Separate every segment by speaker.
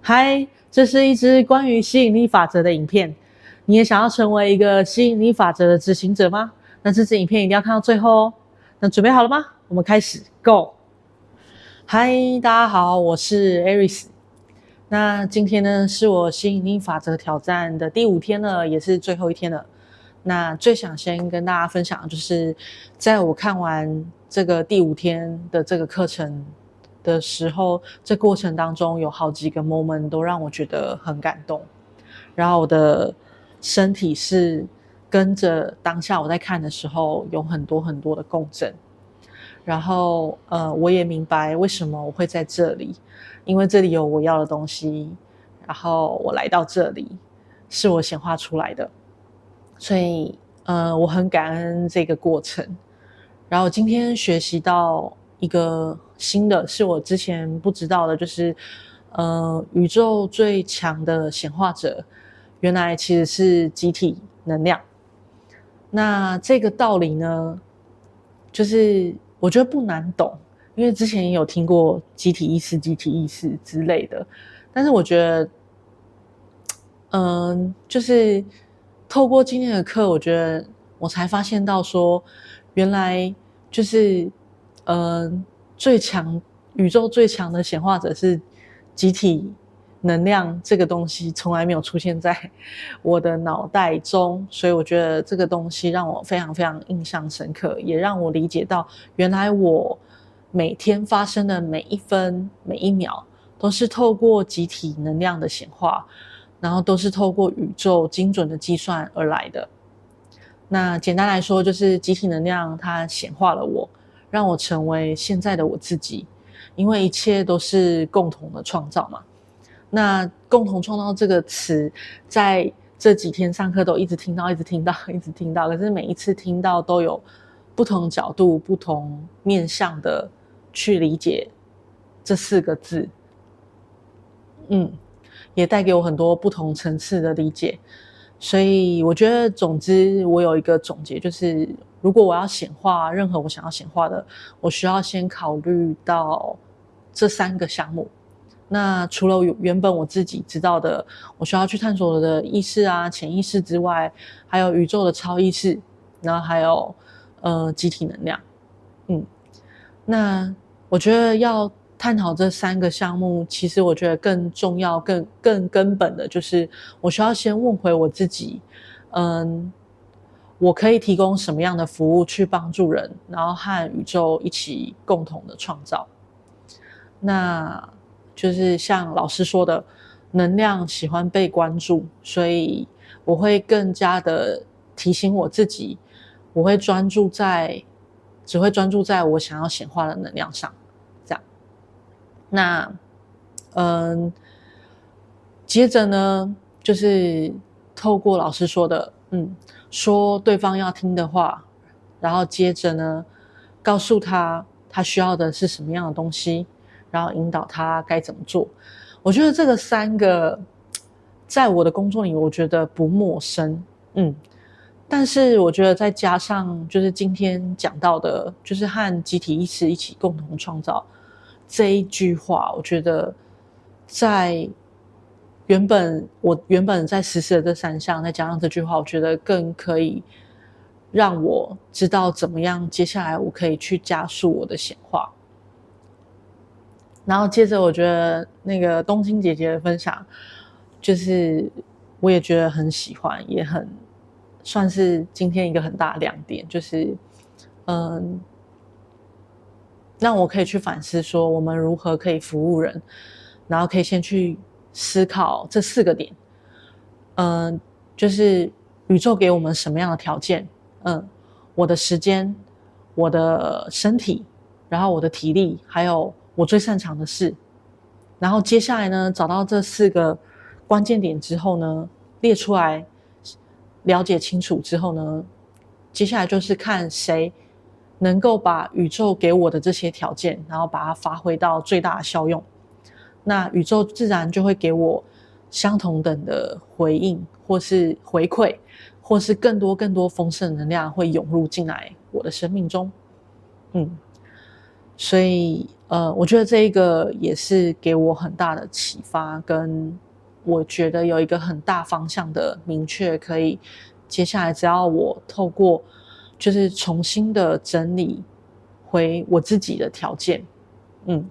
Speaker 1: 嗨，Hi, 這是一支關於吸引力法則的影片。你也想要成為一個吸引力法則的執行者嗎？那這支影片一定要看到最後哦。那準備好了嗎？我們開始，Go！嗨，大家好，我是 Ares。那今天呢，是我吸引力法則挑戰的第五天了，也是最後一天了。那最想先跟大家分享的，就是在我看完這個第五天的這個課程，的時候，這過程當中有好幾個 moment 都讓我覺得很感動。然後我的身體是跟着當下我在看的時候有很多很多的共振。然後呃，我也明白為什麼我會在這裡，因為這裡有我要的東西。然後我來到這裡是我顯化出來的，所以呃，我很感恩這個過程。然後今天學習到一個。新的是我之前不知道的，就是，呃，宇宙最強的顯化者，原來其實是集體能量。那這個道理呢，就是我覺得不難懂，因為之前也有聽過集體意識、集體意識之類的。但是我覺得，嗯、呃，就是透過今天的課，我覺得我才發現到說，原來就是，嗯、呃。最強，宇宙最強的顯化者是集體能量，這個東西從來沒有出現在我的腦袋中，所以我覺得這個東西讓我非常非常印象深刻，也讓我理解到原來我每天發生的每一分每一秒都是透過集體能量的顯化，然後都是透過宇宙精準的計算而來的。那簡單來說，就是集體能量它顯化了我。讓我成為現在的我自己，因為一切都是共同的創造嘛。那“共同創造”這個詞，在這幾天上課都一直聽到，一直聽到，一直聽到。可是每一次聽到，都有不同角度、不同面向的去理解這四個字。嗯，也帶給我很多不同層次的理解。所以我覺得，總之，我有一個總結，就是如果我要顯化任何我想要顯化的，我需要先考慮到這三個項目。那除了原本我自己知道的，我需要去探索的意識啊、潛意識之外，還有宇宙的超意識，然後還有呃，集體能量。嗯，那我覺得要。探討這三個項目，其實我覺得更重要、更更根本的就是，我需要先問回我自己，嗯，我可以提供什麼樣的服務去幫助人，然後和宇宙一起共同的創造。那就是像老師說的，能量喜歡被關注，所以我會更加的提醒我自己，我會專注在，只會專注在我想要顯化的能量上。那，嗯，接着呢，就是透過老師說的，嗯，說對方要聽的話，然後接着呢，告訴他他需要的是什麼樣的東西，然後引導他該怎麼做。我覺得這個三個，在我的工作裡，我覺得不陌生，嗯，但是我覺得再加上就是今天講到的，就是和集體意識一起共同創造。這一句話，我覺得在原本我原本在實施的這三項，再加上這句話，我覺得更可以讓我知道怎麼樣接下來我可以去加速我的顯化。然後接着，我覺得那個東京姐姐的分享，就是我也覺得很喜歡，也很算是今天一個很大的亮點，就是嗯、呃。讓我可以去反思說我們如何可以服務人，然後可以先去思考這四個點，嗯，就是宇宙給我們什麼樣的條件，嗯，我的時間，我的身體，然後我的體力，還有我最擅長的事，然後接下來呢，找到這四個關鍵點之後呢，列出來，了解清楚之後呢，接下來就是看誰。能夠把宇宙給我的這些條件，然後把它發揮到最大的效用，那宇宙自然就會給我相同等的回應，或是回饋，或是更多更多豐盛能量會湧入進來我的生命中。嗯，所以呃，我覺得這一個也是給我很大的啟發，跟我覺得有一個很大方向的明確，可以接下來只要我透過。就是重新的整理，回我自己的條件，嗯，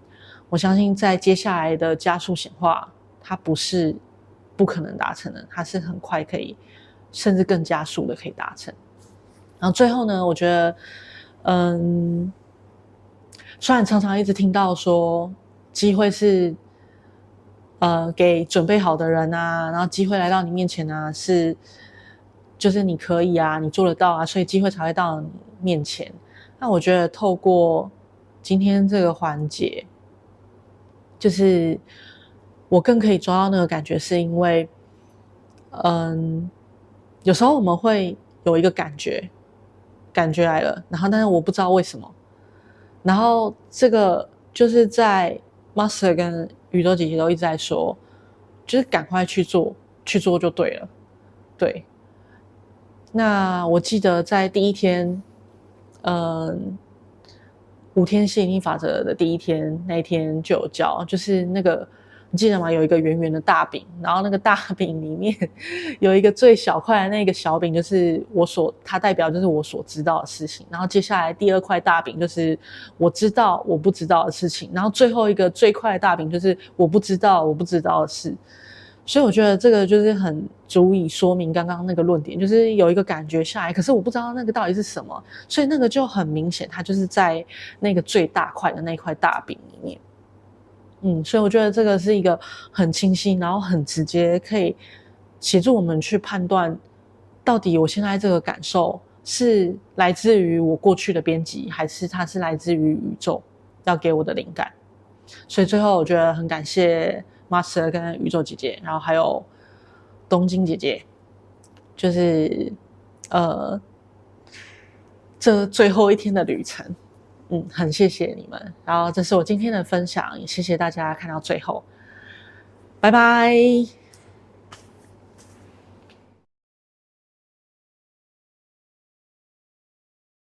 Speaker 1: 我相信在接下來的加速顯化，它不是不可能達成的，它是很快可以，甚至更加速的可以達成。然後最後呢，我覺得，嗯，雖然常常一直聽到說機會是，呃，給準備好的人啊，然後機會來到你面前啊，是。就是你可以啊，你做得到啊，所以機會才會到你面前。那我覺得透過今天這個環節，就是我更可以抓到那個感覺，是因為，嗯，有時候我們會有一個感覺，感覺來了，然後但是我不知道為什麼。然後這個就是在 Master 跟宇宙姐姐都一直在說，就是趕快去做，去做就對了，對。那我記得在第一天，嗯、呃，五天吸引力法則的第一天，那一天就有教，就是那個你記得嗎？有一個圓圓的大餅，然後那個大餅裡面有一個最小塊的那個小餅，就是我所它代表就是我所知道的事情。然後接下來第二塊大餅就是我知道我不知道的事情，然後最後一個最快的大餅就是我不知道我不知道的事。所以我覺得這個就是很足以說明剛剛那個論點，就是有一個感覺下來，可是我不知道那個到底是什麼，所以那個就很明顯，它就是在那個最大塊的那塊大餅裡面。嗯，所以我覺得這個是一個很清晰，然後很直接，可以協助我們去判斷，到底我現在這個感受是來自於我過去的編輯，還是它是來自於宇宙要給我的靈感。所以最後我覺得很感謝。馬馳跟宇宙姐姐，然後還有東京姐姐，就是呃，這最後一天的旅程，嗯，很謝謝你們，然後這是我今天的分享，也謝謝大家看到最後，拜拜。